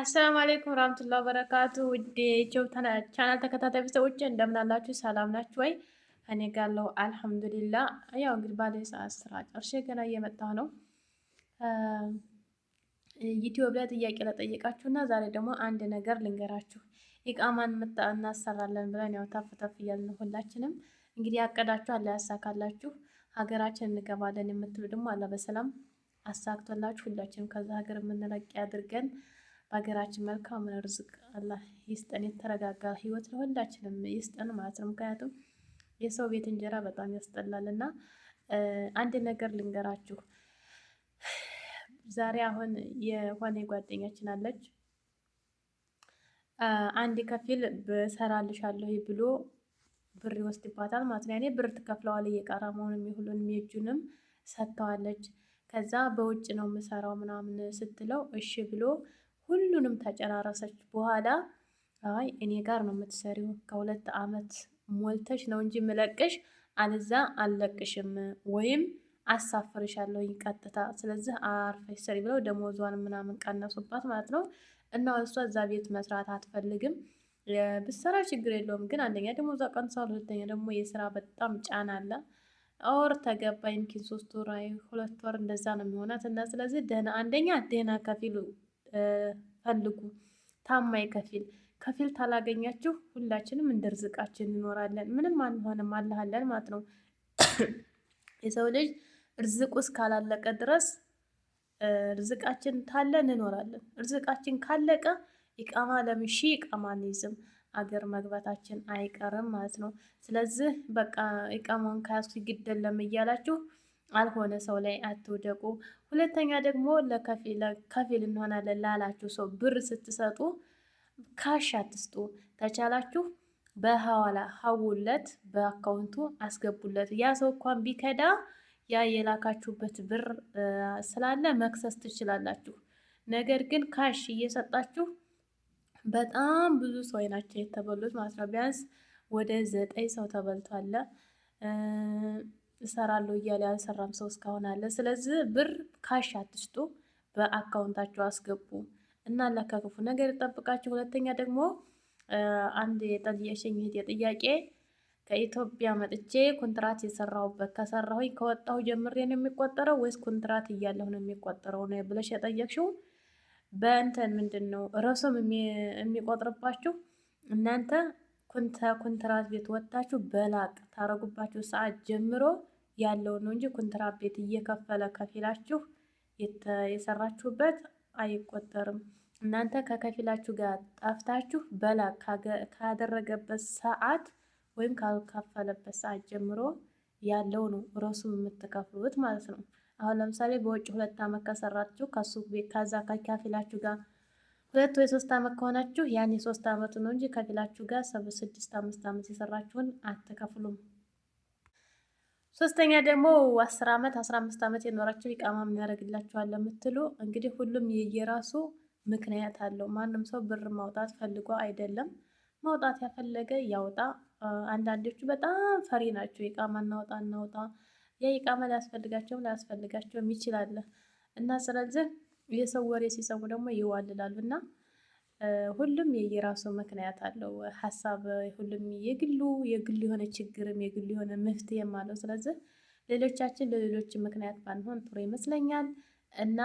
አሰላሙ አሌይኩም ረህመቱላሂ ወበረካቱ። ውድ የዩቲዩብ ቻናል ተከታታይ ሰዎች እንደምን አላችሁ? ሰላም ናችሁ ወይ? እኔ ጋር አለሁ አልሐምዱሊላህ። ያው እንግዲህ ባለ ሰዓት ስራ ጨርሼ ገና እየመጣሁ ነው። ዩቲዩብ ላይ ጥያቄ ለጠየቃችሁ እና ዛሬ ደግሞ አንድ ነገር ልንገራችሁ። ኢቃማን እናሰራለን ብለን ያው ተፍ ተፍ እያልን ሁላችንም እንግዲህ ያቀዳችሁ አላህ ያሳካላችሁ፣ ሀገራችን እንገባለን የምትሉ ደግሞ አላህ በሰላም አሳክቶላችሁ ሁላችንም ከዛ ሀገር የምንለቅ ያድርገን። በሀገራችን መልካም ርዝቅ አላህ ይስጠን። የተረጋጋ ህይወት ለሁላችንም ይስጠን ማለት ነው። ምክንያቱም የሰው ቤት እንጀራ በጣም ያስጠላል እና አንድ ነገር ልንገራችሁ። ዛሬ አሁን የሆነ ጓደኛችን አለች። አንድ ከፊል በሰራልሻለሁ ብሎ ብር ይወስድባታል ማለት ነው። ያኔ ብር ትከፍለዋል እየቀራ መሆኑን የሁሉንም የእጁንም ሰጥተዋለች። ከዛ በውጭ ነው የምሰራው ምናምን ስትለው እሺ ብሎ ሁሉንም ተጨራረሰች በኋላ አይ እኔ ጋር ነው የምትሰሪው፣ ከሁለት ዓመት ሞልተሽ ነው እንጂ ምለቅሽ፣ አልዛ አልለቅሽም ወይም አሳፍርሻለሁኝ ቀጥታ። ስለዚህ አርፈሽ ስሪ ብለው ደሞዟን ምናምን ቀነሱባት ማለት ነው። እና እሷ እዛ ቤት መስራት አትፈልግም። ብሰራ ችግር የለውም ግን አንደኛ ደሞዟ ቀንሷል፣ ሁለተኛ ደግሞ የስራ በጣም ጫና አለ። ወር ተገባይም ኪን ሶስት ወር ሁለት ወር እንደዛ ነው የሚሆናት እና ስለዚህ ደህና አንደኛ ደህና ከፊሉ ፈልጉ። ታማኝ ከፊል ከፊል ታላገኛችሁ ሁላችንም እንደ ርዝቃችን እንኖራለን። ምንም አንሆንም አላለን ማለት ነው። የሰው ልጅ እርዝቁ እስካላለቀ ድረስ እርዝቃችን ታለ እንኖራለን። እርዝቃችን ካለቀ ይቃማ ለምሺ ሺ አንይዝም። አገር መግባታችን አይቀርም ማለት ነው። ስለዚህ በቃ ኢቃማውን ከያዝኩ ይግደለም እያላችሁ አልሆነ ሰው ላይ አትውደቁ። ሁለተኛ ደግሞ ከፊል እንሆናለን ላላችሁ ሰው ብር ስትሰጡ ካሽ አትስጡ። ተቻላችሁ በሐዋላ ሀውለት በአካውንቱ አስገቡለት። ያ ሰው እንኳን ቢከዳ ያ የላካችሁበት ብር ስላለ መክሰስ ትችላላችሁ። ነገር ግን ካሽ እየሰጣችሁ በጣም ብዙ ሰው ናቸው የተበሉት ማለት ነው። ቢያንስ ወደ ዘጠኝ ሰው ተበልቷል። እሰራለሁ እያለ ያልሰራም ሰው እስካሁን አለ። ስለዚህ ብር ካሽ አትስጡ፣ በአካውንታቸው አስገቡ እና ለካ ነገር ይጠብቃችሁ። ሁለተኛ ደግሞ አንድ የጠየሸኝ እህቴ ጥያቄ ከኢትዮጵያ መጥቼ ኮንትራት የሰራሁበት ከሰራሁኝ ከወጣሁ ጀምሬ ነው የሚቆጠረው ወይስ ኮንትራት እያለሁ ነው የሚቆጠረው ነው ብለሽ የጠየቅሽው በእንትን ምንድን ነው ረሱም የሚቆጥርባችሁ እናንተ ኮንትራት ቤት ወጥታችሁ በላቅ ታረጉባችሁ ሰዓት ጀምሮ ያለውን ነው እንጂ ኮንትራት ቤት እየከፈለ ከፊላችሁ የሰራችሁበት አይቆጠርም። እናንተ ከከፊላችሁ ጋር ጠፍታችሁ በላ ካደረገበት ሰዓት ወይም ካልከፈለበት ሰዓት ጀምሮ ያለው ነው ረሱ የምትከፍሉት ማለት ነው። አሁን ለምሳሌ በውጭ ሁለት ዓመት ከሰራችሁ ከሱ ቤት ከዛ ከከፊላችሁ ጋር ሁለት ወይ ሶስት ዓመት ከሆናችሁ ያን የሶስት ዓመቱ ነው እንጂ ከፊላችሁ ጋር ስድስት አምስት ዓመት የሰራችሁን አትከፍሉም። ሶስተኛ ደግሞ አስር ዓመት አስራ አምስት ዓመት የኖራቸው ኢቃማ የሚያደርግላቸዋል ለምትሉ እንግዲህ ሁሉም የየራሱ ምክንያት አለው። ማንም ሰው ብር ማውጣት ፈልጎ አይደለም። ማውጣት ያፈለገ ያውጣ። አንዳንዶቹ በጣም ፈሪ ናቸው። ኢቃማ እናውጣ እናውጣ ያ ኢቃማ ሊያስፈልጋቸውም ላያስፈልጋቸውም ይችላል እና ስለዚህ የሰው ወሬ ሲሰሙ ደግሞ ይዋልላሉ እና ሁሉም የየራሱ ምክንያት አለው ሀሳብ ሁሉም የግሉ የግሉ የሆነ ችግርም የግሉ የሆነ መፍትሄም አለው። ስለዚህ ሌሎቻችን ለሌሎች ምክንያት ባንሆን ጥሩ ይመስለኛል እና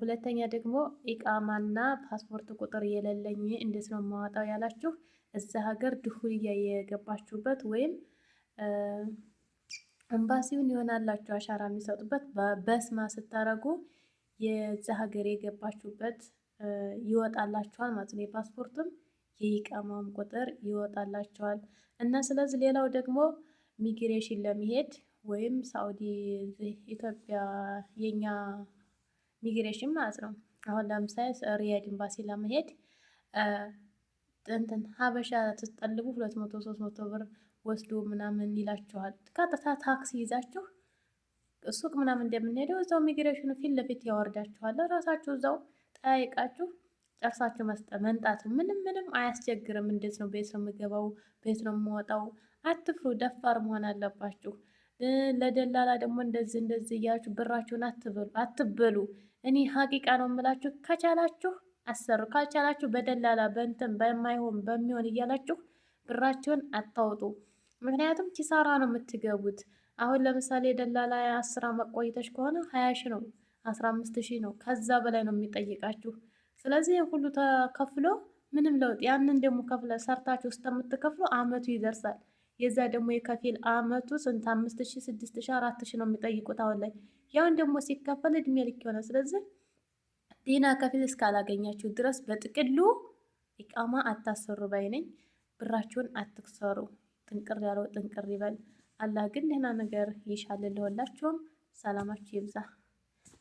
ሁለተኛ ደግሞ ኢቃማና ፓስፖርት ቁጥር የሌለኝ እንዴት ነው የማወጣው ያላችሁ እዛ ሀገር ድሁልያ የገባችሁበት ወይም ኤምባሲውን ይሆናላችሁ አሻራ የሚሰጡበት በስማ ስታረጉ የዛ ሀገር የገባችሁበት ይወጣላችኋል ማለት ነው። የፓስፖርትም የኢቃማም ቁጥር ይወጣላችኋል እና ስለዚህ ሌላው ደግሞ ሚግሬሽን ለመሄድ ወይም ሳኡዲ ኢትዮጵያ የኛ ሚግሬሽን ማለት ነው። አሁን ለምሳሌ ሪያድ ኤምባሲ ለመሄድ እንትን ሀበሻ ትጠልቡ ሁለት መቶ ሶስት መቶ ብር ወስዶ ምናምን ይላችኋል። ቀጥታ ታክሲ ይዛችሁ ሱቅ ምናምን እንደምንሄደው እዛው ሚግሬሽኑ ፊት ለፊት ያወርዳችኋል። ራሳችሁ እዛው ጠይቃችሁ ጨርሳችሁ መስጠት መምጣት ምንም ምንም አያስቸግርም። እንዴት ነው ቤት ነው የምገባው፣ ቤት ነው የምወጣው። አትፍሩ፣ ደፋር መሆን አለባችሁ። ለደላላ ደግሞ እንደዚህ እንደዚህ እያችሁ ብራችሁን አትበሉ። እኔ ሀቂቃ ነው የምላችሁ። ከቻላችሁ አሰሩ፣ ካልቻላችሁ በደላላ በእንትን በማይሆን በሚሆን እያላችሁ ብራችሁን አታውጡ። ምክንያቱም ኪሳራ ነው የምትገቡት። አሁን ለምሳሌ ደላላ አስራ መቆይተች ከሆነ ሀያሽ ነው አስራ አምስት ሺህ ነው፣ ከዛ በላይ ነው የሚጠይቃችሁ። ስለዚህ ሁሉ ተከፍሎ ምንም ለውጥ ያንን ደግሞ ከፍለ ሰርታችሁ እስከምትከፍሉ አመቱ ይደርሳል። የዛ ደግሞ የከፊል አመቱ ስንት አምስት ሺህ ስድስት ሺ አራት ሺህ ነው የሚጠይቁት አሁን ላይ ያውን ደግሞ ሲከፈል እድሜ ልክ ይሆናል። ስለዚህ ዲና ከፊል እስካላገኛችሁ ድረስ በጥቅሉ ኢቃማ አታሰሩ ባይ ነኝ። ብራችሁን አትክሰሩ። ጥንቅር ያለው ጥንቅር ይበል። አላህ ግን ደህና ነገር ይሻልልሆላችሁም። ሰላማችሁ ይብዛ።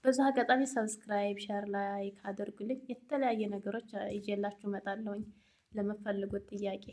በዛ አጋጣሚ ሰብስክራይብ፣ ሸር፣ ላይክ አድርጉልኝ። የተለያየ ነገሮች ይዤላችሁ እመጣለሁኝ ለምፈልጉት ጥያቄ